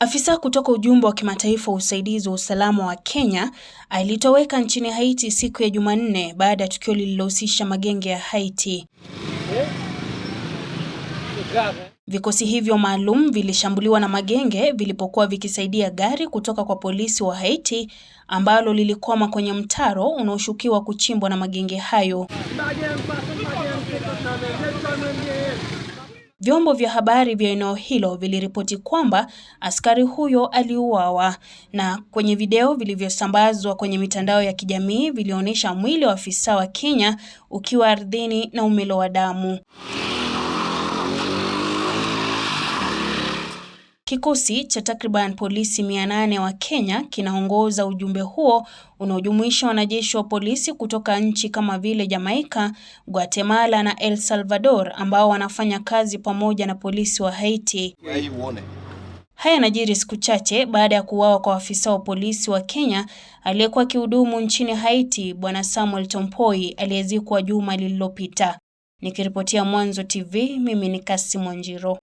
Afisa kutoka ujumbe wa kimataifa wa usaidizi wa usalama wa Kenya alitoweka nchini Haiti siku ya Jumanne baada ya tukio lililohusisha magenge ya Haiti. Vikosi hivyo maalum vilishambuliwa na magenge vilipokuwa vikisaidia gari kutoka kwa polisi wa Haiti ambalo lilikwama kwenye mtaro unaoshukiwa kuchimbwa na magenge hayo. Vyombo vya habari vya eneo hilo viliripoti kwamba askari huyo aliuawa, na kwenye video vilivyosambazwa kwenye mitandao ya kijamii vilionyesha mwili wa afisa wa Kenya ukiwa ardhini na umelowa damu. Kikosi cha takriban polisi mia nane wa Kenya kinaongoza ujumbe huo unaojumuisha wanajeshi wa polisi kutoka nchi kama vile jamaika Guatemala na El Salvador ambao wanafanya kazi pamoja na polisi wa Haiti. Haya yanajiri siku chache baada ya kuuawa kwa afisa wa polisi wa Kenya aliyekuwa akihudumu nchini Haiti, Bwana Samuel Tompoi aliyezikwa juma lililopita. Nikiripotia Mwanzo TV, mimi ni Kasimo Wanjiro.